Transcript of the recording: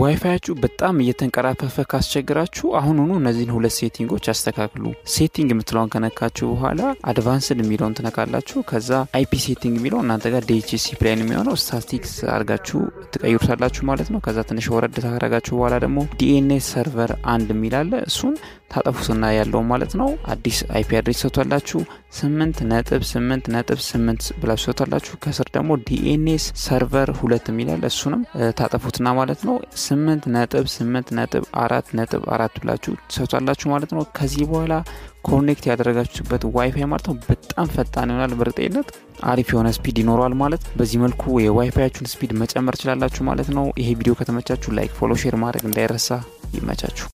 ዋይፋያችሁ በጣም እየተንቀራፈፈ ካስቸግራችሁ አሁኑኑ እነዚህን ሁለት ሴቲንጎች ያስተካክሉ። ሴቲንግ የምትለውን ከነካችሁ በኋላ አድቫንስድ የሚለውን ትነካላችሁ። ከዛ አይፒ ሴቲንግ የሚለው እናንተ ጋር ዲችሲ ፕላን የሚሆነው ስታቲክስ አርጋችሁ ትቀይሩታላችሁ ማለት ነው። ከዛ ትንሽ ወረድ ታረጋችሁ በኋላ ደግሞ ዲኤንኤ ሰርቨር አንድ የሚላለ እሱን ታጠፉትና ያለው ማለት ነው አዲስ አይፒ አድሬስ ሰጥቷላችሁ ስምንት ነጥብ ስምንት ነጥብ ስምንት ብላችሁ ሰቷላችሁ ከስር ደግሞ ዲኤንኤስ ሰርቨር ሁለት የሚላል እሱንም ታጠፉትና ማለት ነው ስምንት ነጥብ ስምንት ነጥብ አራት ነጥብ አራት ብላችሁ ሰቷላችሁ ማለት ነው። ከዚህ በኋላ ኮኔክት ያደረጋችሁበት ዋይፋይ ማለት ነው በጣም ፈጣን ይሆናል። በርጤነት አሪፍ የሆነ ስፒድ ይኖረዋል ማለት በዚህ መልኩ የዋይፋያችሁን ስፒድ መጨመር ችላላችሁ ማለት ነው። ይሄ ቪዲዮ ከተመቻችሁ ላይክ፣ ፎሎ፣ ሼር ማድረግ እንዳይረሳ። ይመቻችሁ።